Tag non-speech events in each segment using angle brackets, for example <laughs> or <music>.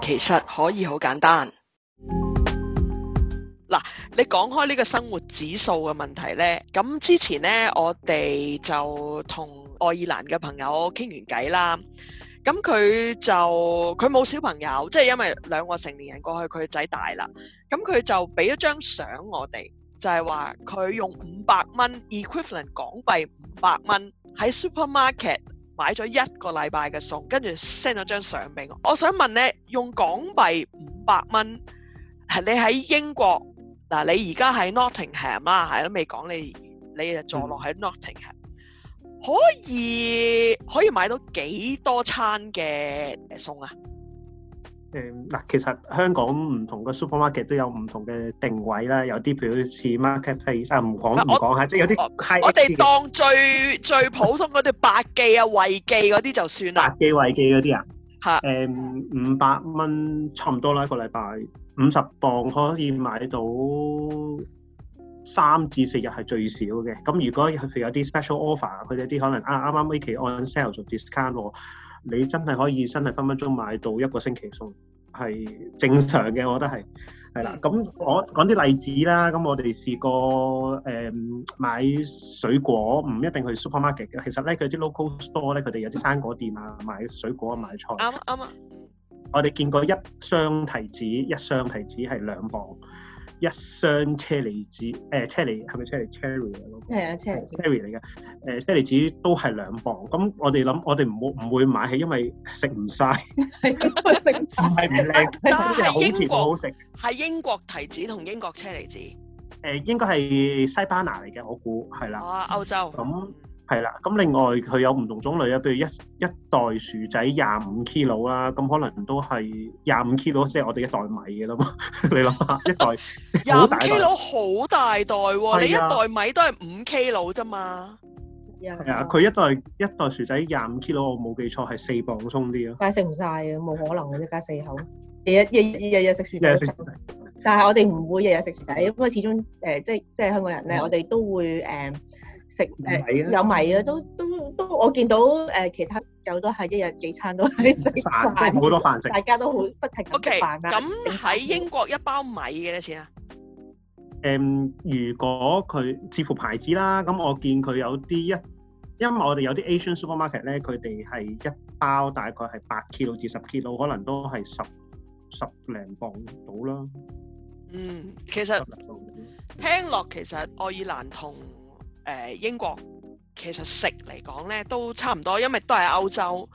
其實可以好簡單。嗱，你講開呢個生活指數嘅問題呢，咁之前呢，我哋就同愛爾蘭嘅朋友傾完偈啦。咁佢就佢冇小朋友，即係因為兩個成年人過去，佢仔大啦。咁佢就俾咗張相我哋，就係話佢用五百蚊 equivalent 港幣五百蚊喺 supermarket。買咗一個禮拜嘅餸，跟住 send 咗張相俾我。我想問咧，用港幣五百蚊，係你喺英國嗱，啊，你而家喺 Nottingham 啦，係都未講你，你係坐落喺 Nottingham，嗯，可以可以買到幾多餐嘅餸啊？誒嗱、嗯，其實香港唔同嘅 supermarket 都有唔同嘅定位啦，有啲譬如似 market place 啊，唔講唔講下，即係有啲 high。我哋當最最普通嗰啲百記啊、惠記嗰啲就算啦。百記、惠記嗰啲啊，嚇誒五百蚊差唔多啦，一個禮拜五十磅可以買到三至四日係最少嘅。咁如果有譬如有啲 special offer，佢哋啲可能啊啱啱呢期 on sale 做 discount 喎。你真係可以真係分分鐘買到一個星期餸，係正常嘅，我覺得係係啦。咁我講啲例子啦。咁我哋試過誒、呃、買水果，唔一定去 supermarket 嘅。其實咧，佢啲 local store 咧，佢哋有啲生果店啊，買水果啊，買菜。啱啱啊。嗯、我哋見過一箱提子，一箱提子係兩磅。一箱車厘子，誒、呃、車厘係咪車厘？cherry 啊？係啊 c h e cherry 嚟嘅，誒車厘子都係兩磅。咁我哋諗，我哋唔好唔會買起，因為食唔晒。係唔係好甜，係好食，係英國提子同英國車厘子。誒、呃、應該係西班牙嚟嘅，我估係啦。哦，歐洲。咁、嗯。係啦，咁另外佢有唔同種類啊，比如一一袋薯仔廿五 kilo 啦，咁可能都係廿五 kilo，即係我哋一袋米嘅啦嘛，你諗下，一袋廿五 kilo 好大袋喎，你一袋米都係五 kilo 啫嘛，係啊，佢一袋一袋薯仔廿五 kilo，我冇記錯係四磅鬆啲咯，但係食唔晒啊，冇可能嘅，一家四口日日日日日食薯仔，但係我哋唔會日日食薯仔，因為始終誒即係即係香港人咧，我哋都會誒。食誒、呃啊、有米啊，都都都我見到誒、呃、其他有都係一日幾餐都係食飯，好多飯食，大家都好不停食飯啦 OK，咁喺但英國一包米幾多錢啊？誒、嗯，如果佢視乎牌子啦，咁我見佢有啲一，因為我哋有啲 Asian supermarket 咧，佢哋係一包大概係八 kilo 至十 kilo 可能都係十十零磅到啦。嗯，其實聽落其實愛爾蘭同誒、呃、英國其實食嚟講咧都差唔多，因為都係歐洲。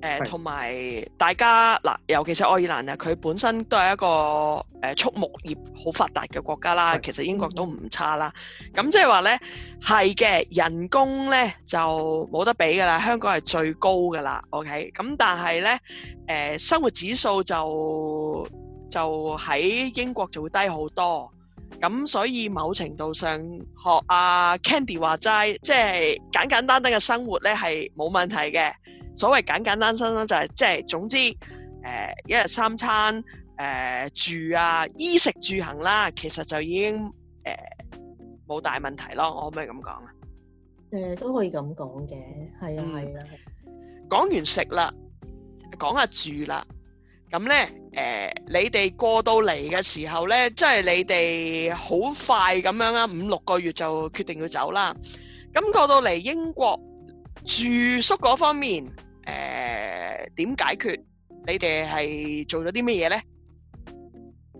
誒同埋大家嗱、呃，尤其是愛爾蘭啊，佢本身都係一個誒、呃、畜牧業好發達嘅國家啦。的其實英國都唔差啦。咁即係話咧，係嘅人工咧就冇得比㗎啦，香港係最高㗎啦。OK，咁但係咧誒生活指數就就喺英國就會低好多。咁、嗯、所以某程度上，學阿 Candy 話齋，即係簡簡單單嘅生活咧，係冇問題嘅。所謂簡簡單單，單就係、是、即係總之，誒、呃、一日三餐，誒、呃、住啊，衣食住行啦，其實就已經誒冇、呃、大問題咯。我可唔可以咁講、呃、啊？誒都可以咁講嘅，係啊係啊。啊講完食啦，講下住啦。咁咧，誒、呃，你哋過到嚟嘅時候咧，即係你哋好快咁樣啦，五六個月就決定要走啦。咁過到嚟英國住宿嗰方面，誒、呃，點解決？你哋係做咗啲乜嘢咧？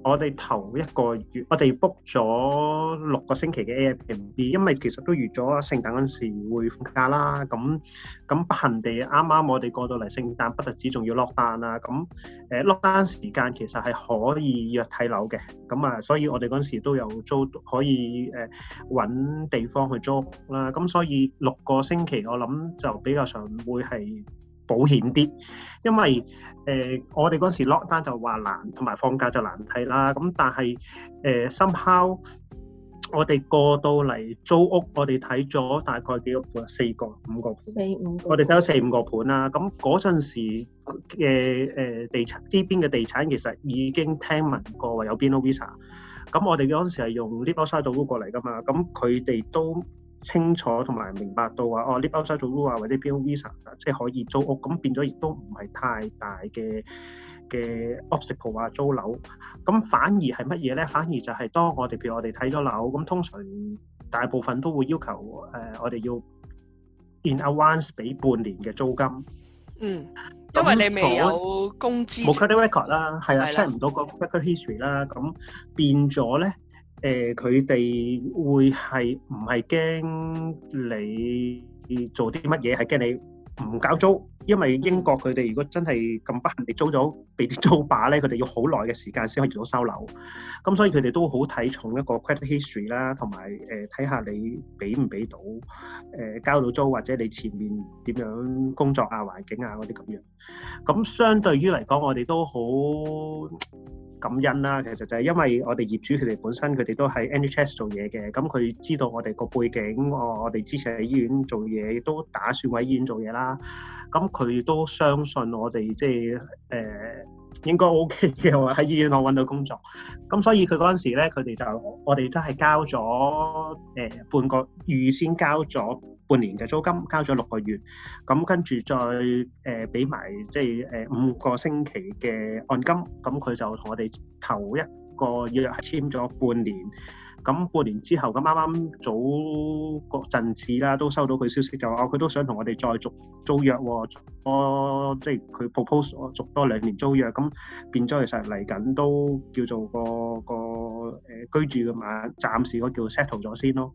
我哋頭一個月，我哋 book 咗六個星期嘅 Airbnb，因為其實都預咗聖誕嗰陣時會放假啦。咁咁不幸地，啱啱我哋過到嚟聖誕，不但止仲要落單啦。咁誒落單時間其實係可以約睇樓嘅。咁啊，所以我哋嗰陣時都有租，可以誒揾、呃、地方去租啦。咁所以六個星期，我諗就比較上會係。保險啲，因為誒、呃、我哋嗰時 lock 單就話難，同埋放假就難睇啦。咁但係 somehow 我哋過到嚟租屋，我哋睇咗大概幾個,個,個盤，四個盤、五個。四五。我哋睇咗四五個盤啦。咁嗰陣時嘅誒、呃、地呢邊嘅地產其實已經聽聞過話有 BNO visa。咁、嗯嗯、我哋嗰陣時係用 Leave Outside the Rules 過嚟㗎嘛。咁佢哋都。清楚同埋明白到話哦，呢包手做租啊，或者 build visa 啊，即係可以租屋，咁變咗亦都唔係太大嘅嘅 obstacle 啊租樓，咁反而係乜嘢咧？反而就係當我哋譬如我哋睇咗樓，咁通常大部分都會要求誒我哋要 in advance 俾半年嘅租金。嗯，因為你未有工資冇 credit record 啦，係啊，check 唔到嗰個 credit history 啦，咁變咗咧。誒佢哋會係唔係驚你做啲乜嘢？係驚你唔交租，因為英國佢哋如果真係咁不幸地租咗俾啲租霸咧，佢哋要好耐嘅時間先可以做到收樓。咁所以佢哋都好睇重一個 credit history 啦，同埋誒睇下你俾唔俾到誒交到租，或者你前面點樣工作啊、環境啊嗰啲咁樣。咁相對於嚟講，我哋都好。感恩啦，其實就係因為我哋業主佢哋本身佢哋都喺 NHS 做嘢嘅，咁佢知道我哋個背景，我我哋之前喺醫院做嘢，都打算喺醫院做嘢啦。咁佢都相信我哋即係誒、呃、應該 OK 嘅喎，喺醫院度揾到工作。咁所以佢嗰陣時咧，佢哋就我哋都係交咗誒半個月先交咗，半年嘅租金交咗六個月，咁跟住再誒俾埋即係誒、呃、五個星期嘅按金，咁佢就同我哋頭一個約係簽咗半年。咁半年之後，咁啱啱早嗰陣時啦，都收到佢消息就話佢都想同我哋再續租約喎，多、哦、即係佢 propose 續多兩年租約。咁、嗯、變咗其實嚟緊都叫做個個誒居住嘅嘛，暫時我叫 settle 咗先咯。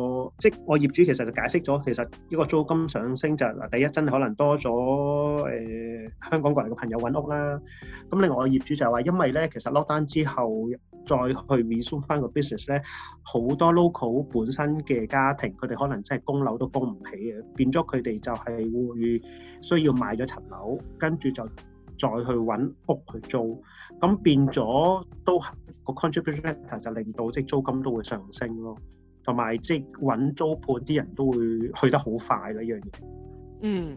即我業主其實就解釋咗，其實呢個租金上升就嗱、是，第一真係可能多咗誒、呃、香港過嚟嘅朋友揾屋啦。咁另外我業主就話，因為咧其實 lockdown 之後再去 resume 翻個 business 咧，好多 local 本身嘅家庭佢哋可能真係供樓都供唔起嘅，變咗佢哋就係會需要賣咗層樓，跟住就再去揾屋去租，咁變咗都個 contribution rate 就令到即租金都會上升咯。同埋即係揾租盤啲人都會去得好快嘅一樣嘢。嗯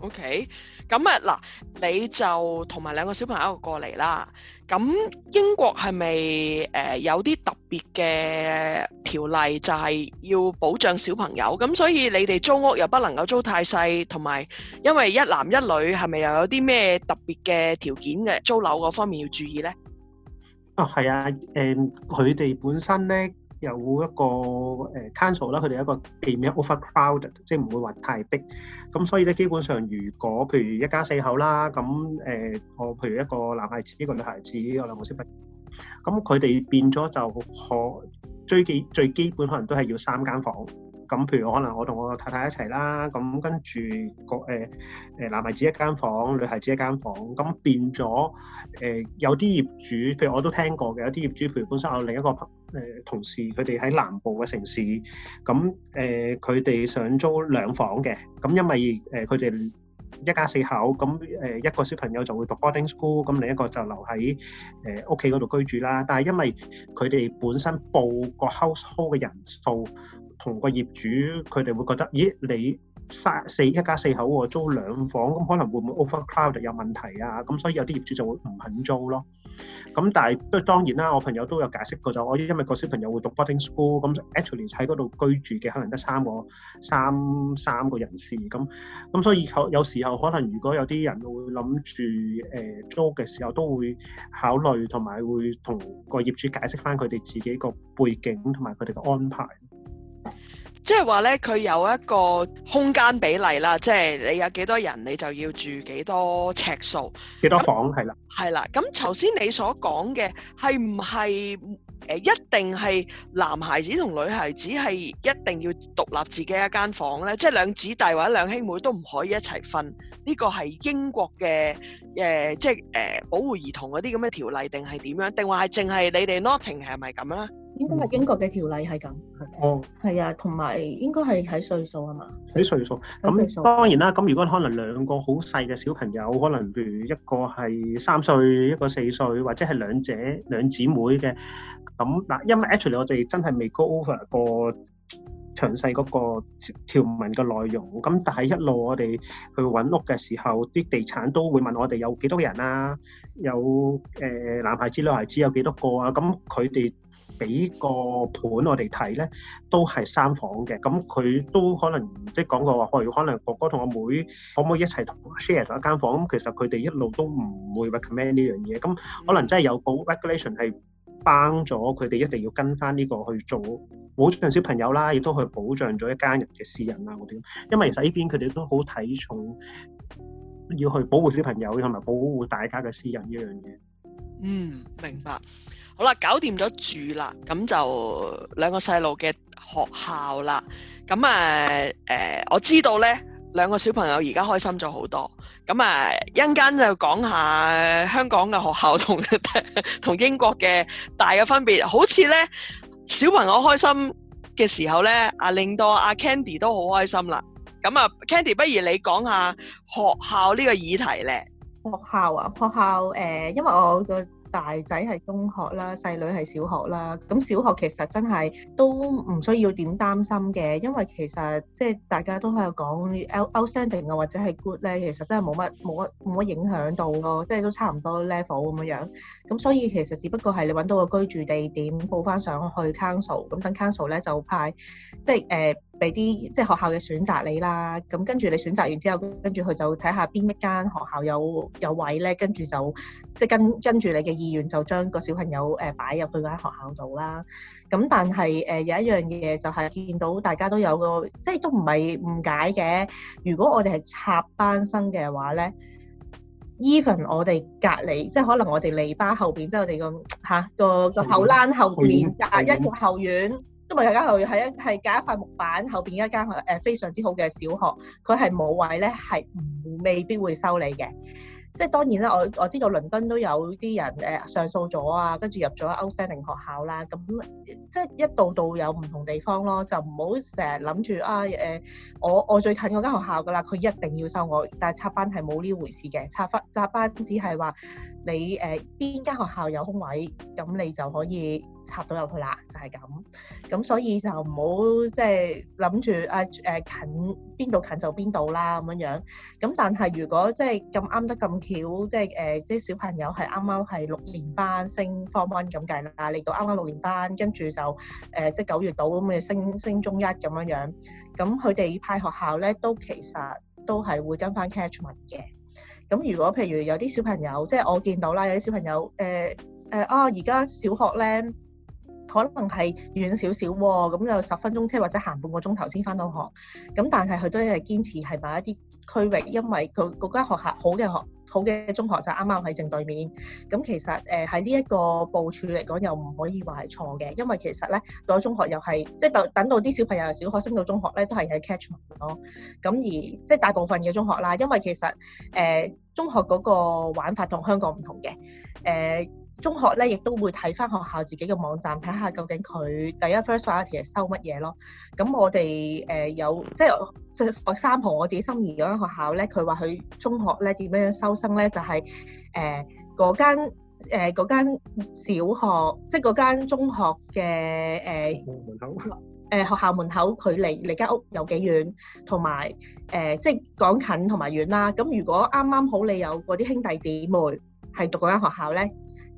，OK，咁啊嗱，你就同埋兩個小朋友一齊過嚟啦。咁英國係咪誒有啲特別嘅條例，就係要保障小朋友？咁所以你哋租屋又不能夠租太細，同埋因為一男一女係咪又有啲咩特別嘅條件嘅租樓嗰方面要注意呢？哦，係啊，誒、呃，佢哋本身咧。有一個誒 council 啦，佢哋有一個避免 overcrowded，即係唔會話太逼咁，所以咧基本上，如果譬如一家四口啦，咁誒、呃、我譬如一個男孩子一個女孩子，我兩冇識分咁，佢哋變咗就可最基最基本，可能都係要三間房咁。譬如可能我同我太太一齊啦，咁跟住個誒誒、呃、男孩子一間房，女孩子一間房，咁變咗誒、呃、有啲業主，譬如我都聽過嘅有啲業主，譬如本身我有另一個朋誒同事佢哋喺南部嘅城市，咁誒佢哋想租兩房嘅，咁因為誒佢哋一家四口，咁誒一個小朋友就會讀 boarding school，咁另一個就留喺誒屋企嗰度居住啦。但係因為佢哋本身報個 household 嘅人數同個業主，佢哋會覺得，咦，你？三四一家四口喎，租兩房咁、嗯、可能會唔會 overcrowd 有問題啊？咁、嗯、所以有啲業主就會唔肯租咯。咁、嗯、但係都當然啦，我朋友都有解釋過就我因為個小朋友會讀 boarding school，咁 actually 喺嗰度居住嘅可能得三個三三個人士。咁、嗯、咁、嗯、所以有時候可能如果有啲人會諗住誒租嘅時候都會考慮同埋會同個業主解釋返佢哋自己個背景同埋佢哋嘅安排。即係話呢佢有一個空間比例啦，即係你有幾多人，你就要住幾多尺數，幾多房係咁、嗯、啦。係啦，咁頭先你所講嘅係唔係一定係男孩子同女孩子係一定要獨立自己一間房呢？即係兩姊弟或者兩兄妹都唔可以一齊瞓。呢個係英國嘅。誒，即係誒保護兒童嗰啲咁嘅條例，定係點樣？定話係淨係你哋 Notting 係咪咁啦？應該係英國嘅條例係咁。哦，係啊，同埋應該係睇歲數啊嘛。睇歲數，咁當然啦。咁如果可能兩個好細嘅小朋友，可能譬如一個係三歲，一個四歲，或者係兩姐兩姊妹嘅，咁嗱，因為 actually 我哋真係未 go over 過。詳細嗰個條文嘅內容，咁但係一路我哋去揾屋嘅時候，啲地產都會問我哋有幾多人啊，有誒男孩子女孩子有幾多個啊，咁佢哋俾個盤我哋睇咧，都係三房嘅，咁、嗯、佢都可能即係講過話，可可能哥哥同我妹，妹可唔可以一齊同我 share 咗一間房，咁其實佢哋一路都唔會 recommend 呢樣嘢，咁、嗯嗯、可能真係有個 regulation 係。幫咗佢哋一定要跟翻呢個去做，保障小朋友啦，亦都去保障咗一家人嘅私隱啊嗰啲。因為其實呢邊佢哋都好睇重，要去保護小朋友同埋保護大家嘅私隱呢樣嘢。嗯，明白。好啦，搞掂咗住啦，咁就兩個細路嘅學校啦。咁啊，誒、呃，我知道咧。兩個小朋友而家開心咗好多，咁啊一陣間就講下香港嘅學校同同 <laughs> 英國嘅大嘅分別，好似呢，小朋友開心嘅時候呢，啊，令到阿、啊、Candy 都好開心啦。咁啊，Candy 不如你講下學校呢個議題呢？學校啊，學校誒、呃，因為我個大仔係中學啦，細女係小學啦。咁小學其實真係都唔需要點擔心嘅，因為其實即係大家都喺度講 outstanding 啊，Out 或者係 good 咧，其實真係冇乜冇乜冇乜影響到咯，即係都差唔多 level 咁樣樣。咁所以其實只不過係你揾到個居住地點報翻上去 council，咁等 council 咧就派即係誒。就是呃俾啲即係學校嘅選擇你啦，咁、嗯、跟住你選擇完之後，跟住佢就睇下邊一間學校有有位咧，跟住就即係跟跟住你嘅意願，就將個小朋友誒擺、呃、入去嗰間學校度啦。咁、嗯、但係誒、呃、有一樣嘢就係見到大家都有個即係都唔係誤解嘅。如果我哋係插班生嘅話咧，even 我哋隔離，即係可能我哋籬笆後邊，即係我哋個嚇個個後欄後邊隔一個後院。因為間學校係一係隔一塊木板後邊一間誒非常之好嘅小學，佢係冇位咧，係未必會收你嘅。即係當然啦，我我知道倫敦都有啲人誒上訴咗啊，跟住入咗 Outstanding 學校啦。咁即係一道道有唔同地方咯，就唔好成日諗住啊誒、呃，我我最近嗰間學校㗎啦，佢一定要收我。但係插班係冇呢回事嘅，插班插班只係話，你誒邊間學校有空位，咁你就可以插到入去啦，就係咁。咁所以就唔好即係諗住啊誒近邊度近就邊度啦咁樣樣。咁但係如果即係咁啱得咁巧，即係誒即係小朋友係啱啱係六年班升 form one 咁計啦，嚟到啱啱六年班，跟住就誒即係九月到咁嘅升升中一咁樣樣。咁佢哋派學校咧，都其實都係會跟翻 catchment 嘅。咁如果譬如有啲小朋友，即係我見到啦，有啲小朋友，誒、呃、誒、呃、啊而家小學咧，可能係遠少少，咁有十分鐘車或者行半個鐘頭先返到學，咁但係佢都係堅持係買一啲區域，因為佢嗰間學校好嘅學。好嘅中學就啱啱喺正對面，咁其實誒喺呢一個部署嚟講又唔可以話係錯嘅，因為其實咧，到咗中學又係即係等等到啲小朋友由小學升到中學咧，都係喺 catchment 咯。咁而即係大部分嘅中學啦，因為其實誒、呃、中學嗰個玩法同香港唔同嘅誒。呃中學咧，亦都會睇翻學校自己嘅網站，睇下究竟佢第一 first one 其實收乜嘢咯。咁我哋誒、呃、有即係學生同我自己心儀嗰間學校咧，佢話佢中學咧點樣樣收生咧，就係誒嗰間誒嗰間小學，即係嗰間中學嘅誒、呃、門口誒學校門口距離你間屋有幾遠，同埋誒即係講近同埋遠啦。咁如果啱啱好你有嗰啲兄弟姊妹係讀嗰間學校咧，呢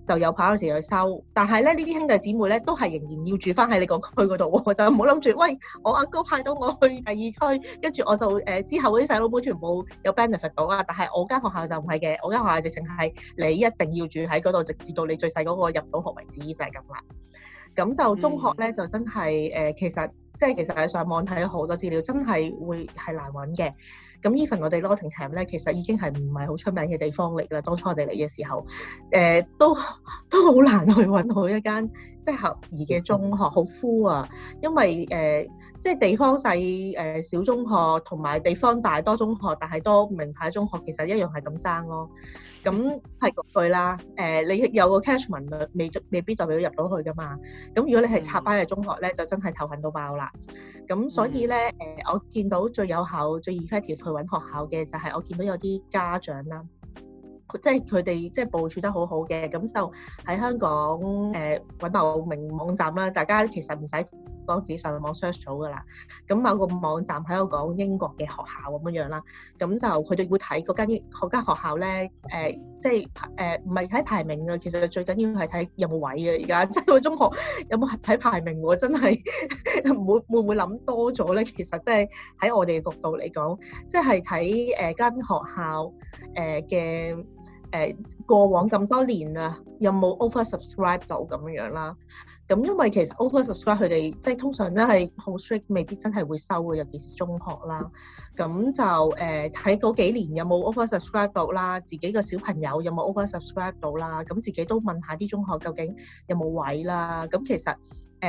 就有跑嗰時有收，但係咧呢啲兄弟姊妹咧都係仍然要住翻喺你個區嗰度喎，我就唔好諗住，喂，我阿哥派到我去第二區，跟住我就誒、呃、之後嗰啲細佬妹全部有 benefit 到啊，但係我間學校就唔係嘅，我間學校直情係你一定要住喺嗰度，直至到你最細嗰個入到學為止就係咁啦。咁就中學咧，就真係誒、呃，其實即係其實上網睇好多資料，真係會係難揾嘅。咁 even 我哋 Nottingham 咧，其實已經係唔係好出名嘅地方嚟啦。當初我哋嚟嘅時候，誒、呃、都都好難去揾到一間即係合宜嘅中學，好 full 啊！因為誒、呃、即係地方細誒小中學，同埋地方大多中學，但係多名牌中學，其實一樣係咁爭咯、啊。咁係嗰句啦，誒、呃，你有個 catchment，未未必代表入到去噶嘛。咁如果你係插班嘅中學咧，嗯、就真係頭痕到爆啦。咁所以咧，誒、嗯呃，我見到最有效、最 effective 去揾學校嘅就係我見到有啲家長啦，即係佢哋即係部署得好好嘅，咁就喺香港誒揾某名網站啦。大家其實唔使。當次上網 search 咗噶啦，咁某個網站喺度講英國嘅學校咁樣樣啦，咁就佢哋會睇嗰間英嗰間學校咧，誒即係誒唔係睇排名啊，其實最緊要係睇有冇位啊，而家即係中學有冇睇排名喎，真係唔會會唔會諗多咗咧？其實即係喺我哋嘅角度嚟講，即係睇誒間學校誒嘅。誒、呃、過往咁多年啦、啊，有冇 over subscribe 到咁樣啦？咁、啊、因為其實 over subscribe 佢哋即係通常都係好 strict 未必真係會收嘅，尤其是中學啦。咁、啊嗯、就誒睇嗰幾年有冇 over subscribe 到啦、啊，自己個小朋友有冇 over subscribe 到啦？咁、啊嗯、自己都問下啲中學究竟有冇位啦。咁、啊嗯、其實誒、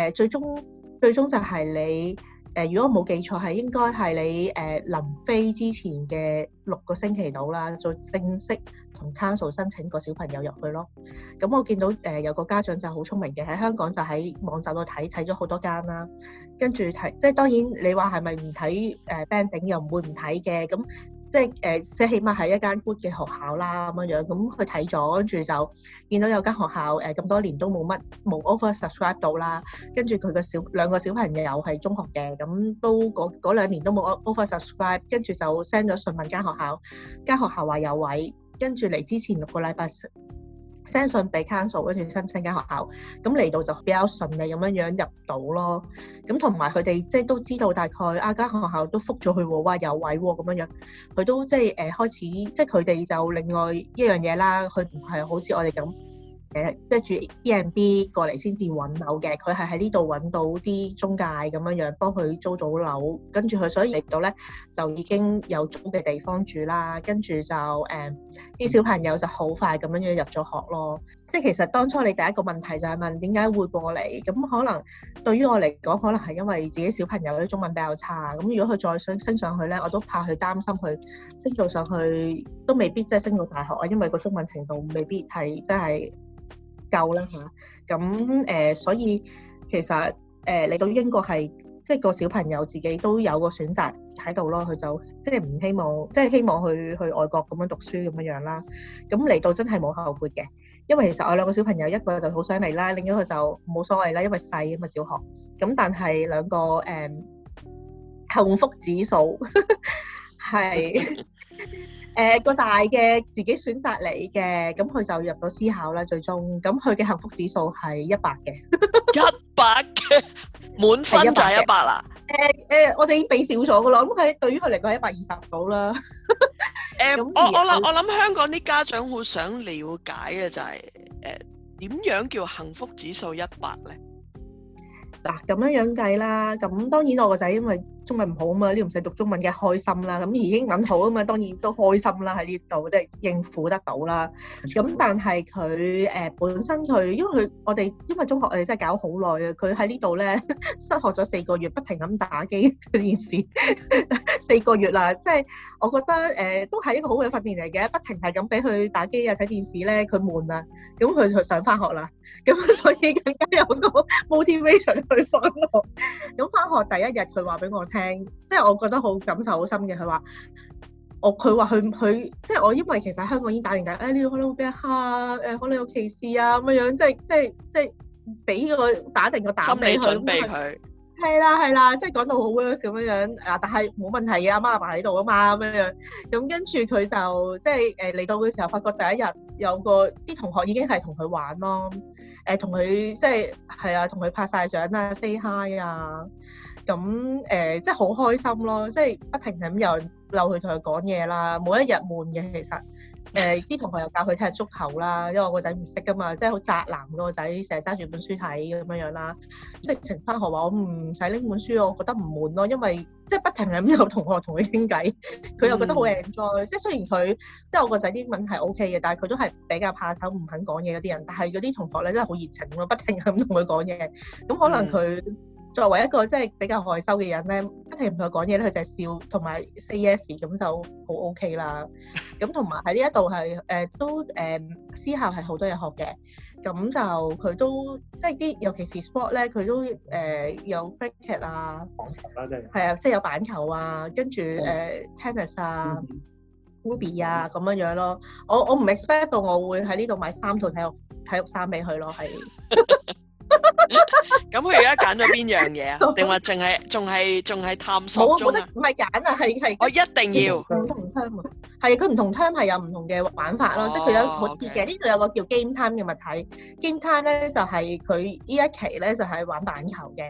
啊、最終最終就係你誒、啊，如果冇記錯係應該係你誒臨、啊、飛之前嘅六個星期到啦，再正式。同 Council 申請個小朋友入去咯。咁、嗯、我見到誒、呃、有個家長就好聰明嘅，喺香港就喺網站度睇睇咗好多間啦、啊。跟住睇，即係當然你話係咪唔睇誒 band 頂又唔會唔睇嘅。咁即係誒，即係、呃、起碼係一間 good 嘅學校啦咁樣樣。咁佢睇咗，跟住就見到有間學校誒咁、呃、多年都冇乜冇 over subscribe 到啦。跟住佢個小兩個小朋友又係中學嘅，咁、嗯、都嗰兩年都冇 over subscribe。跟住就 send 咗詢問間學校，間學校話有，有位。跟住嚟之前六個禮拜 send 信俾 counsel，跟住申請間學校，咁嚟到就比較順利咁樣樣入到咯。咁同埋佢哋即係都知道大概啊間學校都覆咗佢話有位咁樣樣，佢都即係誒、呃、開始即係佢哋就另外一樣嘢啦，佢唔係好似我哋咁。誒，即係住 B and B 過嚟先至揾樓嘅，佢係喺呢度揾到啲中介咁樣樣幫佢租咗樓，跟住佢所以嚟到咧就已經有租嘅地方住啦，跟住就誒啲、嗯、小朋友就好快咁樣樣入咗學咯。即係其實當初你第一個問題就係問點解會過嚟，咁可能對於我嚟講，可能係因為自己小朋友啲中文比較差，咁如果佢再想升上去咧，我都怕佢擔心佢升到上去都未必即係升到大學啊，因為個中文程度未必係即係。夠啦嚇，咁誒、呃，所以其實誒，你、呃、到英國係即係個小朋友自己都有個選擇喺度咯，佢就即係唔希望，即係希望去去外國咁樣讀書咁樣樣啦。咁嚟到真係冇後悔嘅，因為其實我兩個小朋友一個就好想嚟啦，另一個就冇所謂啦，因為細吖嘛，小學。咁但係兩個誒、嗯、幸福指數係。 <laughs> 是 <laughs> 誒，個大嘅自己選擇你嘅，咁佢就入咗思考啦。最終，咁佢嘅幸福指數係一百嘅，一百嘅，滿分就係一百啦。誒誒，我哋已經俾少咗噶啦，咁佢對於佢嚟講係一百二十到啦。誒，咁我我諗我諗香港啲家長會想了解嘅就係，誒，點樣叫幸福指數一百咧？嗱，咁樣樣計啦，咁當然我個仔因為。中文唔好啊嘛，呢唔使讀中文嘅開心啦，咁而英文好啊嘛，當然都開心啦，喺呢度，即係應付得到啦。咁、嗯、但係佢誒本身佢，因為佢我哋因為中學我哋真係搞好耐啊，佢喺呢度咧失學咗四個月，不停咁打機睇電視四個月啦，即、就、係、是、我覺得誒、呃、都係一個好嘅訓練嚟嘅，不停係咁俾佢打機啊睇電視咧，佢悶啦，咁佢佢上翻學啦。咁所以更加有個 motivation 去翻學。咁 <laughs> 翻學第一日，佢話俾我聽，即、就、係、是、我覺得好感受好深嘅。佢話哦，佢話佢佢，即係、就是、我因為其實香港已經打定架，誒、哎、你 bear,、uh, case, 啊就是就是、個可能會俾人蝦，誒可能有歧視啊咁嘅樣，即係即係即係俾個打定個膽俾佢。心理準備佢。係他啦係啦，啦，即係講到好 worse 咁樣樣啊！但係冇問題啊，阿媽阿爸喺度啊嘛咁樣樣。咁跟住佢就即係誒嚟到嘅時候，發覺第一日。有個啲同學已經係同佢玩咯，誒同佢即係係啊，同佢拍晒相啦，say hi 啊，咁、嗯、誒、呃、即係好開心咯，即係不停咁又撩佢同佢講嘢啦，每一日悶嘅其實。誒啲、呃、同學又教佢踢足球啦，因為我個仔唔識㗎嘛，即係好宅男個仔，成日揸住本書睇咁樣樣啦。即係直情返學話我唔使拎本書，我覺得唔悶咯，因為即係不停係咁有同學同佢傾偈，佢 <laughs> 又覺得好 enjoy、嗯。即係雖然佢即係我個仔啲英文係 OK 嘅，但係佢都係比較怕醜，唔肯講嘢嗰啲人。但係嗰啲同學咧真係好熱情咯，不停咁同佢講嘢。咁可能佢作為一個、嗯、即係比較害羞嘅人咧。佢唔同佢講嘢咧，佢就係笑，同埋 say yes 咁就好 OK 啦。咁同埋喺呢一度係誒都誒私校係好多嘢學嘅。咁就佢都即係啲，尤其是 sport 咧，佢都誒、呃、有 cricket 啊，係啊，即係有板球啊，跟住誒、呃、tennis 啊，rugby、嗯嗯、啊咁樣樣咯。我我唔 expect 到我會喺呢度買三套體育體育衫俾佢咯，係。 <laughs> 咁佢而家揀咗邊樣嘢啊？定話淨係仲係仲係探索中啊？冇得唔係揀啊，係係。我一定要。我同香港。係，佢唔同 time 係有唔同嘅玩法咯，oh，即係佢有好多嘅。呢度 okay. 有個叫 game time 嘅物體，game time 咧就係佢呢一期咧就係、係、玩板球嘅，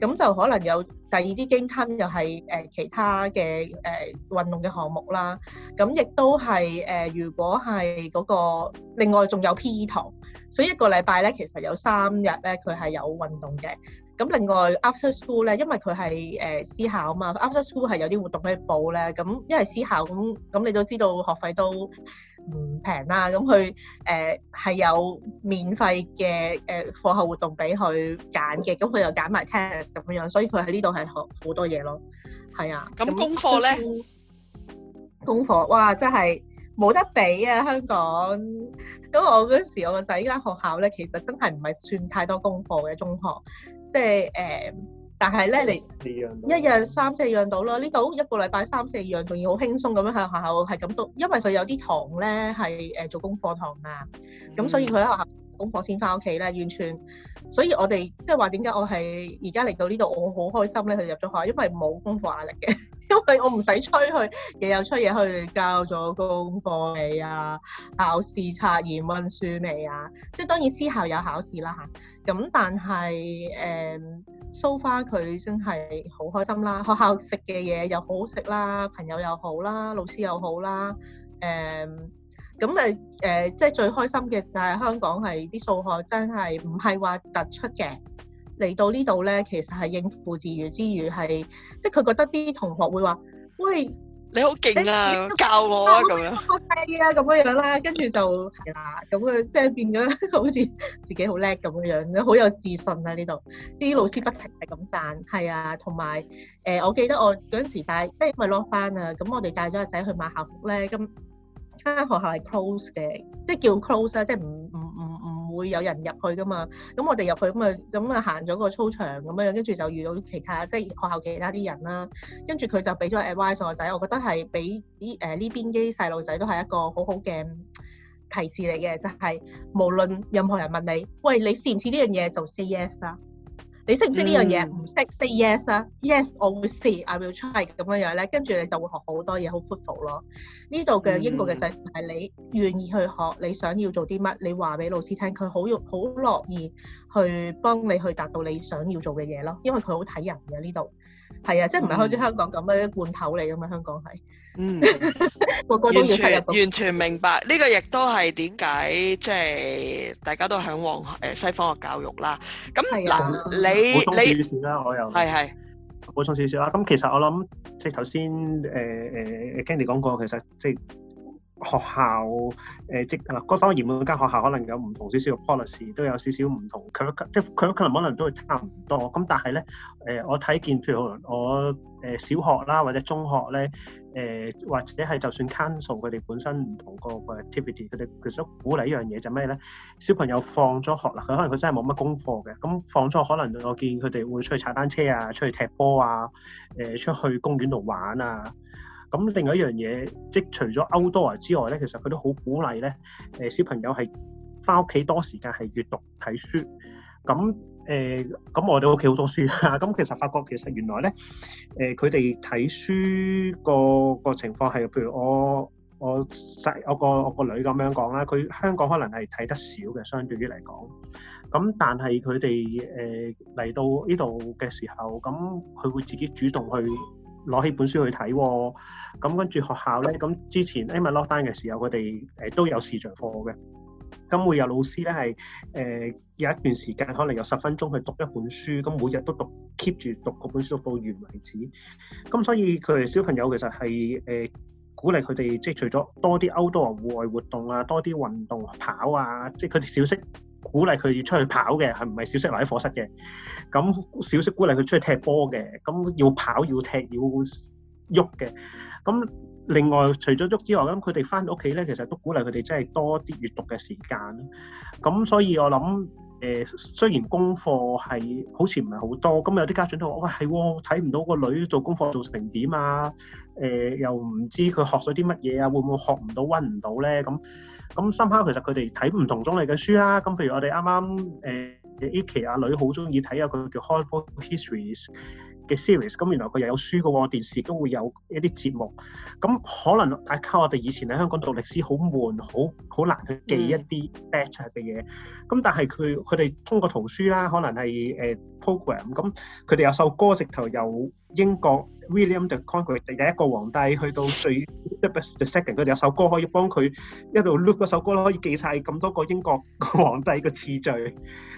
咁就可能有第二啲 game time 又係誒其他嘅誒、呃、運動嘅項目啦。咁亦都係誒，如果係嗰、嗰個另外仲有 P.E 堂，所以一個禮拜咧其實有三日咧佢係有運動嘅。咁另外 after school 咧，因為佢係誒私校啊嘛，after school 係有啲活動可以報咧。咁因為私校，咁咁，你都知道學費都唔平啦。咁佢誒係有免費嘅誒課後活動俾佢揀嘅。咁佢又揀埋 test 咁樣，咁所以佢喺呢度係學好多嘢咯。係啊。咁功課咧？School, 功課哇，真係冇得比啊！香港。咁我嗰陣時我個仔依間學校咧，其實真係唔係算太多功課嘅中學。即係誒、嗯，但係咧，你一日三四樣到啦，呢度一個禮拜三四樣，仲要好輕鬆咁樣。喺學校係咁讀，因為佢有啲堂咧係誒做功課堂啊，咁、嗯、所以佢喺學校。功課先翻屋企咧，完全，所以我哋即係話點解我係而家嚟到呢度，我好開心咧，佢入咗學校，因為冇功課壓力嘅，因為我唔使催佢，又有催嘢去交咗功課未啊，考試測驗温書未啊，即係當然私校有考試啦嚇，咁但係誒 so far 佢真係好開心啦，學校食嘅嘢又好好食啦，朋友又好啦，老師又好啦，誒、嗯。咁誒誒，即係、呃、最開心嘅就係香港係啲數學真係唔係話突出嘅，嚟到呢度咧，其實係應付自如之餘，係即係佢覺得啲同學會話：喂，你好勁啊，欸、教我啊？咁、啊、樣，OK 啊，咁樣樣啦，跟住、 <laughs> 嗯、就係啦，咁啊，即係變咗好似自己好叻咁嘅樣，好有自信啊。呢度啲老師不停係咁讚，係啊，同埋誒，我記得我嗰陣時帶，即係因為攞翻啊，咁我哋帶咗個仔去買校服咧，咁。間學校係 close 嘅，即係叫 close 啦，即係唔唔唔唔會有人入去噶嘛。咁我哋入去咁啊，咁啊行咗個操場咁樣，跟住就遇到其他即係學校嘅其他啲人啦、啊。跟住佢就俾咗個 advice 我個仔，我覺得係俾啲誒呢邊啲細路仔都係一個好好嘅提示嚟嘅，就係、是、無論任何人問你，喂，你試唔試呢樣嘢？就 say yes 啦。你識唔識呢樣嘢？唔識、mm hmm. say yes 啊，yes 我會試，I will try 咁樣樣咧，跟住你就會學好多嘢，好 fruitful 咯。呢度嘅英國嘅就係你願意去學，你想要做啲乜，你話俾老師聽，佢好用，好樂意去幫你去達到你想要做嘅嘢咯。因為佢好睇人嘅呢度。係啊，即係唔係好似香港咁嘅、嗯、罐頭嚟噶嘛？香港係，嗯，個個都要深完全明白呢個亦都係點解，即係大家都嚮往誒西方嘅教育啦。咁嗱，啊、你你我係係補充少少啦。咁其實我諗即係頭先誒誒 Candy 講過，其實即係。學校誒、呃、即嗱，該方我驗嗰間學校可能有唔同少少嘅 policy，都有少少唔同，佢即佢佢可能可能都會差唔多。咁但係咧誒，我睇見譬如我誒、呃、小學啦，或者中學咧誒、呃，或者係就算 cancel 佢哋本身唔同個 activity，佢哋其實都鼓勵一樣嘢就咩咧？小朋友放咗學啦，佢可能佢真係冇乜功課嘅，咁、嗯、放咗學可能我見佢哋會出去踩單車啊，出去踢波啊，誒、呃、出去公園度玩啊。咁另外一樣嘢，即除咗歐多華之外咧，其實佢都好鼓勵咧，誒、呃、小朋友係返屋企多時間係閱讀睇書。咁誒，咁、呃、我哋屋企好多書啊。咁 <laughs> 其實發覺其實原來咧，誒佢哋睇書個個情況係，譬如我我細我個我個女咁樣講啦，佢香港可能係睇得少嘅，相對於嚟講。咁但係佢哋誒嚟到呢度嘅時候，咁佢會自己主動去。攞起本書去睇、哦，咁跟住學校咧，咁之前 m 咪 lockdown 嘅時候，佢哋誒都有視像課嘅，咁會有老師咧係誒有一段時間，可能有十分鐘去讀一本書，咁每日都讀 keep 住讀嗰本書到完為止，咁、嗯、所以佢哋小朋友其實係誒、呃、鼓勵佢哋，即係除咗多啲 outdoor 戶外活動啊，多啲運動跑啊，即係佢哋小息。鼓勵佢要出去跑嘅，係唔係小息留喺課室嘅？咁小息鼓勵佢出去踢波嘅，咁要跑要踢要喐嘅。咁另外除咗喐之外，咁佢哋翻到屋企咧，其實都鼓勵佢哋真係多啲閱讀嘅時間。咁所以我諗誒、呃，雖然功課係好似唔係好多，咁有啲家長都話：喂係睇唔到個女做功課做成點啊？誒、呃、又唔知佢學咗啲乜嘢啊？會唔會學唔到温唔到咧？咁。咁深刻，其實佢哋睇唔同種類嘅書啦。咁譬如我哋啱啱 Aki 阿女好中意睇啊，佢叫《Horrible Histories》嘅 series，咁原來佢又有書嘅喎，電視都會有一啲節目，咁可能大家我哋以前喺香港讀歷史好悶好好難去記一啲 batter 嘅嘢，咁、嗯、但係佢佢哋通過圖書啦，可能係誒 program，咁佢哋有首歌直頭由英國 William the Conqueror 第一個皇帝去到最 <laughs> The Second，佢哋有首歌可以幫佢一路 look 首歌啦，可以記晒咁多個英國皇帝嘅次序，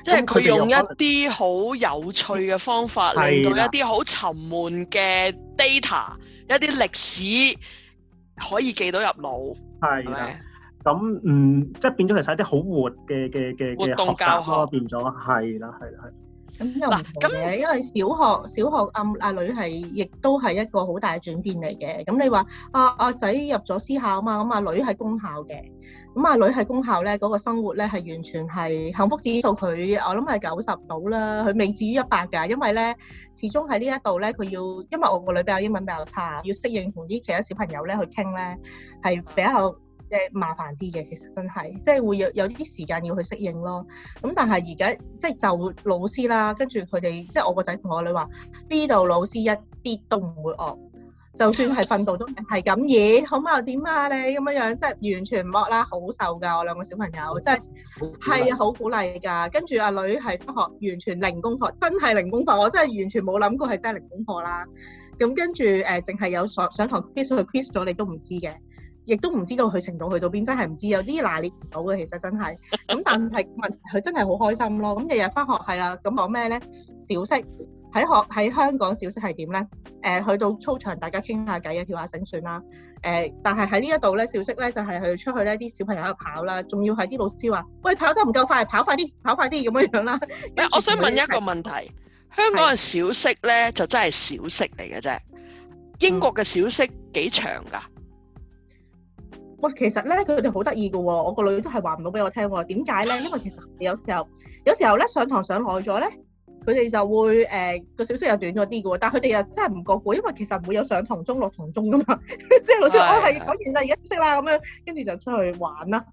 即係是佢他用一啲好有趣嘅方法嚟到一啲好。好沉悶嘅 data，一啲歷史可以記到入腦，係啦、啊。咁嗯，即係變咗其實一啲好活嘅嘅嘅活動，交咯，變咗係啦，係啦、啊，係、啊。咁又唔同嘅，因為小學小學阿阿、嗯、女係亦都係一個好大嘅轉變嚟嘅。咁、嗯、你話啊啊仔入咗私校啊嘛，咁、嗯、阿女喺公校嘅。咁、嗯、阿女喺公校咧，嗰、那個生活咧係完全係幸福指數，佢我諗係九十到啦。佢未至於一百㗎，因為咧始終喺呢一度咧，佢要因為我個女比較英文比較差，要適應同啲其他小朋友咧去傾咧，係比較。誒、麻煩啲嘅，其實真係，即係會有有啲時間要去適應咯。咁但係而家即係就老師啦，跟住佢哋即係我個仔同我女話：呢度老師一啲都唔會惡，就算係訓導都係咁嘢，好冇點啊你咁樣樣，即係完全唔惡啦好受㗎。我兩個小朋友即係係啊好鼓勵㗎。跟住阿女係返學完全零功課，真係零功課，我真係完全冇諗過係真係零功課啦。咁跟住誒，淨係、呃、有想上堂 quiz 去 quiz 咗，Chris, Chris 你都唔知嘅。亦都唔知道佢程度去到邊，真係唔知，有啲拿捏唔到嘅，其實真係。咁但係問佢真係好開心咯。咁日日返學係啊，咁講咩咧？小息喺學喺香港小息係點咧？誒、呃，去到操場大家傾下偈啊，跳下繩算啦。誒、呃，但係喺呢一度咧，小息咧就係、是、去出去咧，啲小朋友喺度跑啦，仲要係啲老師話：喂，跑得唔夠快，跑快啲，跑快啲咁樣樣啦。但係我想問一個問題，是香港嘅小息咧就真係小息嚟嘅啫。英國嘅小息幾長㗎？嗯我其實呢，佢哋好得意嘅喎，我個女兒都係話唔到俾我聽喎、哦。點解咧？因為其實有時候，有時候咧，上堂上耐咗咧。佢哋就會誒、欸、個小息又短咗啲嘅喎，但係佢哋又真係唔覺嘅，因為其實唔會有上堂鐘落堂鐘㗎嘛。即 <laughs> 係老師，我係對、哎、講完啦，而家休息啦咁樣，跟住就出去玩啦。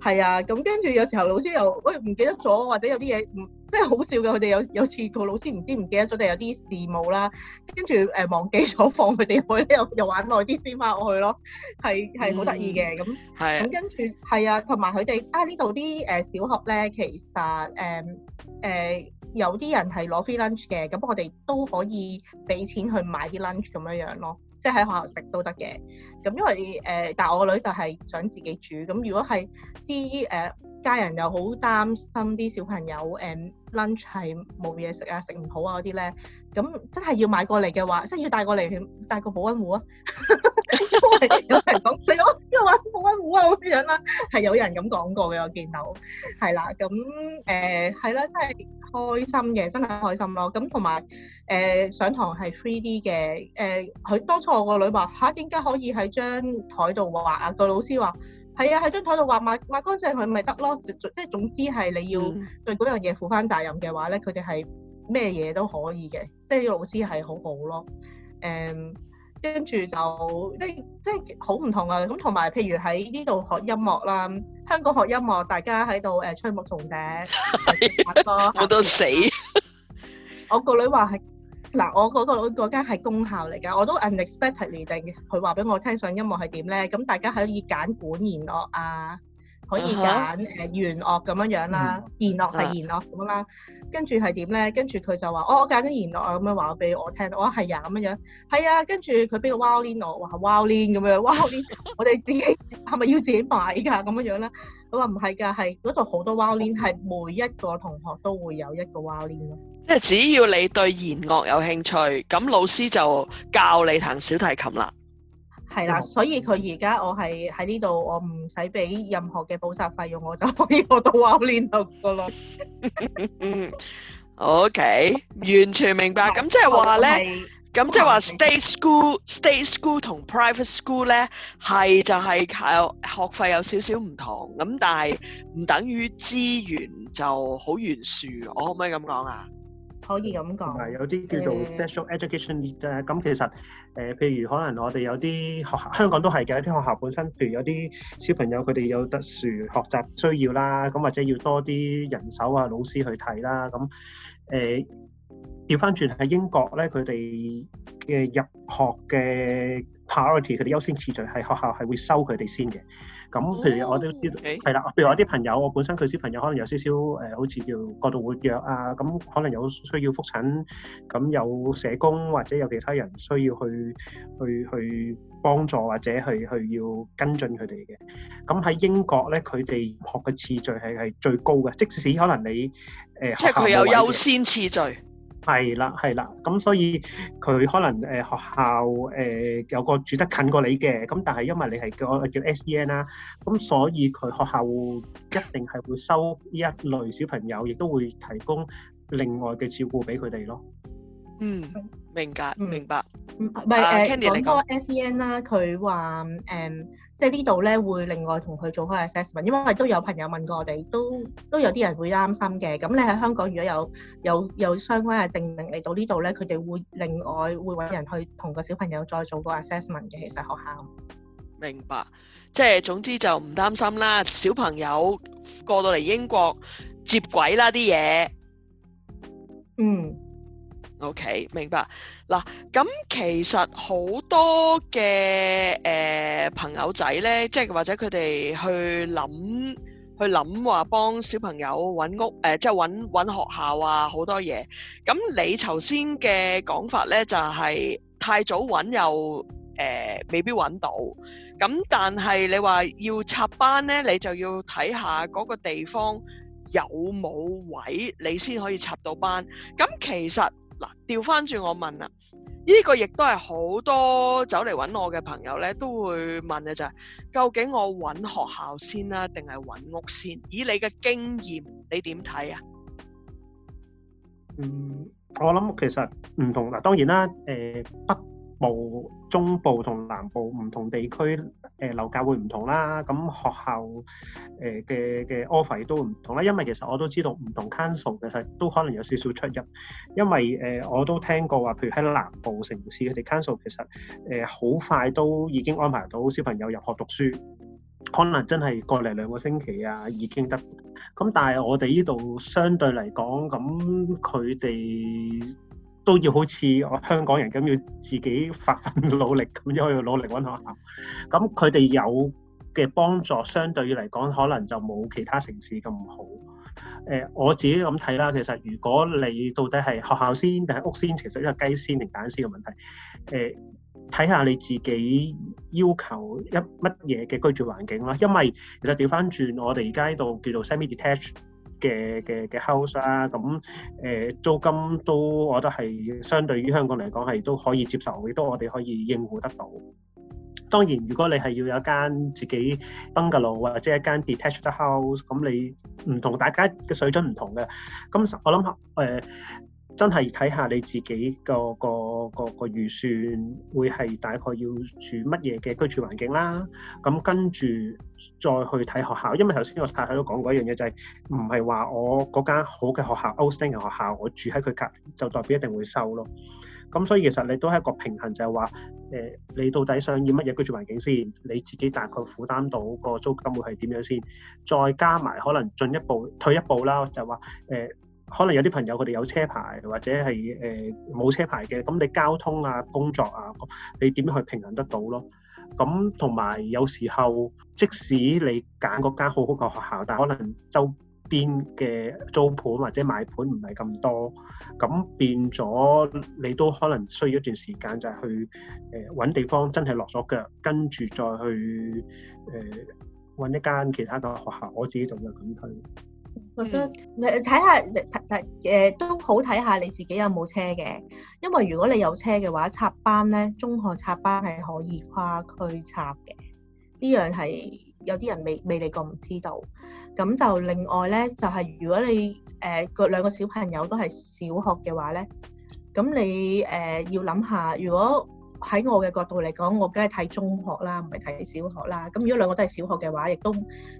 係啊，咁跟住有時候老師又喂唔、欸、記得咗，或者有啲嘢唔即係好笑嘅。佢哋，有有次個老師唔知唔記得咗，定有啲事務啦，跟住誒忘記咗放佢哋，去，咧又又玩耐啲先翻我去咯。係係好得意嘅咁，咁跟住係啊，同埋佢哋啊呢度啲誒小學咧，其實誒誒。嗯嗯嗯有啲人係攞 free lunch 嘅，咁我哋都可以俾錢去買啲 lunch 咁樣樣咯，即係喺學校食都得嘅。咁因為誒、呃，但係我個女就係想自己煮。咁如果係啲誒家人又好擔心啲小朋友誒、呃、lunch 係冇嘢食啊，食唔好啊嗰啲咧，咁真係要買過嚟嘅話，即係要帶過嚟，帶個保溫壺啊！ <laughs> 因為有人講你講。好威好啊！咁樣啦，係有人咁講過嘅，我見到係啦。咁誒係啦，真係開心嘅，真係開心咯。咁同埋誒上堂係 three D 嘅。誒、呃、佢當初我個女話嚇，點、啊、解可以喺張台度畫啊？個 <laughs> 老師話係啊，喺張台度畫，抹抹乾淨佢咪得咯。即係總之係你要對嗰樣嘢負翻責任嘅話咧，佢哋係咩嘢都可以嘅。即係老師係好好咯。誒、嗯。跟住就即即好唔同啊！咁同埋，譬如喺呢度學音樂啦，香港學音樂，大家喺度誒吹牧童笛 <laughs> 多、 <laughs> 啊我我，我都死。我個女話係嗱，我個女嗰間係公校嚟㗎，我都 unexpectedly 定佢話俾我聽上音樂係點咧？咁大家可以揀管弦樂啊。可以揀誒弦樂咁樣樣啦，弦樂、嗯、係弦樂咁啦，嗯、跟住係點咧？跟住佢就話、哦：我我揀緊弦樂咁樣話俾我聽，我係啊咁樣樣，係啊、嗯。跟住佢俾個 violin，話 violin，咁樣 violin，我哋 <laughs> 自己係咪要自己買㗎？咁樣樣咧，佢話唔係㗎，係嗰度好多 violin，係每一個同學都會有一個 violin。即係只要你對弦樂有興趣，咁老師就教你彈小提琴啦。係啦，所以佢而家我係喺呢度，我唔使俾任何嘅補習費用，我就可以學到牛年頭噶咯。嗯 <laughs> <laughs> ，OK，完全明白。咁即係話咧，咁即係話 state school、 <noise> state school 同 private school 咧，係就係有學費有少少唔同，咁 <laughs> 但係唔等於資源就好懸殊。我可唔可以咁講啊？可以咁講，同、嗯、有啲叫做 special education 咁其實誒、呃，譬如可能我哋有啲學校，香港都係嘅，有啲學校本身，譬如有啲小朋友佢哋有特殊學習需要啦，咁或者要多啲人手啊，老師去睇啦，咁誒調翻轉喺英國咧，佢哋嘅入學嘅 priority，佢哋優先次序係學校係會收佢哋先嘅。咁、嗯、譬如我都知道，係啦 Okay.。譬如我啲朋友，我本身佢小朋友可能有少少誒，好似叫過度活躍啊，咁可能有需要覆診，咁有社工或者有其他人需要去去去幫助或者係去，去要跟進佢哋嘅。咁喺英國咧，佢哋學嘅次序係係最高嘅，即使可能你誒。呃、即係佢有優先次序。係啦，係啦，咁、嗯、所以佢可能誒、呃、學校誒、呃、有個住得近過你嘅，咁但係因為你係個叫 SEN 啦，咁、啊嗯、所以佢學校一定係會收呢一類小朋友，亦都會提供另外嘅照顧俾佢哋咯。嗯，明噶，嗯、明白，唔係誒，講嗰個 SEN 啦，佢話誒，即係呢度咧會另外同佢做開 assessment，因為都有朋友問過我哋，都都有啲人會擔心嘅。咁你喺香港如果有有有相關嘅證明嚟到呢度咧，佢哋會另外會搵人去同個小朋友再做個 assessment 嘅。其實學校明白，即係總之就唔擔心啦。小朋友過到嚟英國接軌啦啲嘢，嗯。OK，明白。嗱，咁其實好多嘅誒、呃、朋友仔咧，即係或者佢哋去諗去諗話幫小朋友揾屋誒、呃，即係揾揾學校啊，好多嘢。咁你頭先嘅講法咧，就係、是、太早揾又誒、呃、未必揾到。咁但係你話要插班咧，你就要睇下嗰個地方有冇位，你先可以插到班。咁其實～嗱，調翻轉我問啦，呢個亦都係好多走嚟揾我嘅朋友咧，都會問嘅就係，究竟我揾學校先啦，定係揾屋先？以你嘅經驗，你點睇啊？嗯，我諗其實唔同嗱，當然啦，誒部中部同南部唔同地區，誒樓價會唔同啦。咁、嗯、學校誒嘅嘅 offer 亦都唔同啦。因為其實我都知道唔同 council 其實都可能有少少出入。因為誒、呃、我都聽過話，譬如喺南部城市佢哋 council 其實誒好、呃、快都已經安排到小朋友入學讀書，可能真係過嚟兩個星期啊已經得。咁但係我哋呢度相對嚟講，咁佢哋，都要好似我香港人咁，要自己發奮努力咁先去努力揾學校。咁佢哋有嘅幫助，相對嚟講，可能就冇其他城市咁好。誒、呃，我自己咁睇啦。其實，如果你到底係學校先定係屋先，其實呢個雞先定蛋先嘅問題。誒、呃，睇下你自己要求一乜嘢嘅居住環境啦。因為其實調翻轉，我哋而家喺度叫做 semi detached 嘅嘅嘅 house 啦，咁誒、啊呃、租金都我覺得係相對於香港嚟講，係都可以接受，亦都我哋可以應付得到。當然，如果你係要有一間自己 bungalow，或者一間 detached house，咁你唔同大家嘅水準唔同嘅，咁我諗誒。呃真係睇下你自己個個個個預算會係大概要住乜嘢嘅居住環境啦。咁跟住再去睇學校，因為頭先我太太都講過一樣嘢，就係唔係話我嗰間好嘅學校、outstanding 嘅學校，我住喺佢隔籬就代表一定會收咯。咁所以其實你都係一個平衡就，就係話誒，你到底想要乜嘢居住環境先？你自己大概負擔到個租金會係點樣先？再加埋可能進一步退一步啦，就話誒。呃可能有啲朋友佢哋有車牌或者係誒冇車牌嘅，咁你交通啊、工作啊，你點樣去平衡得到咯？咁同埋有時候，即使你揀嗰間好好嘅學校，但可能周邊嘅租盤或者買盤唔係咁多，咁變咗你都可能需要一段時間就係去誒揾、呃、地方，真係落咗腳，跟住再去誒揾、呃、一間其他嘅學校。我自己就會咁睇。覺得誒睇下誒誒誒都好，睇下你自己有冇車嘅，因為如果你有車嘅話，插班咧，中學插班係可以跨區插嘅，呢樣係有啲人未未嚟過唔知道。咁就另外咧，就係、係、如果你誒個、呃、兩個小朋友都係小學嘅話咧，咁你誒、呃、要諗下如果。喺我嘅角度嚟講，我梗係睇中學啦，唔係睇小學啦。咁如果兩個都係小學嘅話，亦都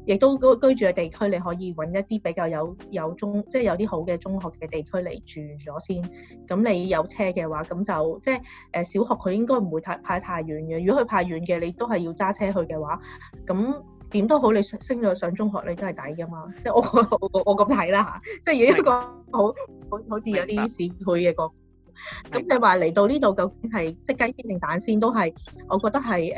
亦都居居住嘅地區，你可以揾一啲比較有有中即係有啲好嘅中學嘅地區嚟住咗先。咁你有車嘅話，咁就即係誒小學佢應該唔會太派太遠嘅。如果佢派遠嘅，你都係要揸車去嘅話，咁點都好，你升咗上中學你都係抵㗎嘛。即係我我咁睇啦， <laughs> 即係一個的好好好似有啲市區嘅個。咁你話嚟到呢度，究竟係即雞先定蛋先？都係我覺得係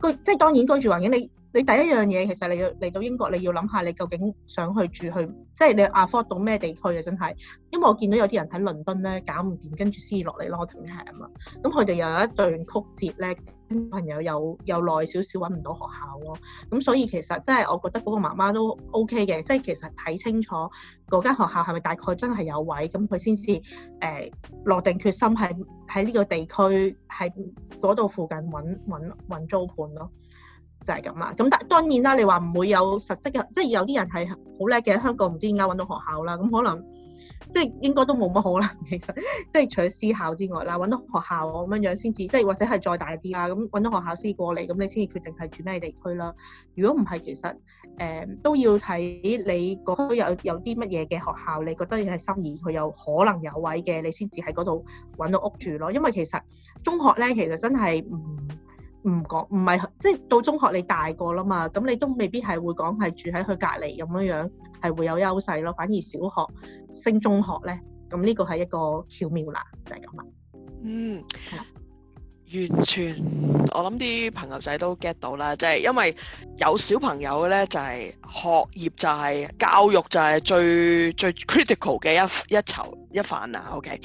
誒居，即當然居住環境。你你第一樣嘢其實你要嚟到英國，你要諗下你究竟想去住去，即係你 afford 到咩地區啊？真係，因為我見到有啲人喺倫敦咧搞唔掂，跟住撕落嚟 Nottingham 啊嘛。咁佢哋又有一段曲折咧。朋友又又耐少少揾唔到學校咯、啊，咁所以其實真係我覺得嗰個媽媽都 OK 嘅，即係其實睇清楚嗰間學校係咪大概真係有位，咁佢先至誒落定決心喺喺呢個地區喺嗰度附近揾揾揾租盤咯、啊，就係咁啦。咁但當然啦，你話唔會有實質嘅，即係有啲人係好叻嘅，香港唔知點解揾到學校啦，咁可能。即係應該都冇乜可能，其實即係除咗私校之外啦，揾到學校咁樣樣先至，即係或者係再大啲啊，咁揾到學校先過嚟，咁你先至決定係住咩地區啦。如果唔係，其實誒、呃、都要睇你嗰區有有啲乜嘢嘅學校，你覺得你係心儀，佢有可能有位嘅，你先至喺嗰度揾到屋住咯。因為其實中學咧，其實真係唔～唔講唔係即係到中學你大個啦嘛，咁你都未必係會講係住喺佢隔離咁樣樣，係會有優勢咯。反而小學升中學咧，咁呢個係一個巧妙啦，就係咁啊。嗯，係、嗯，完全我諗啲朋友仔都 get 到啦，即、就、係、是、因為有小朋友咧就係、是、學業就係、是、教育就係最最 critical 嘅一一層一環啦、啊，OK。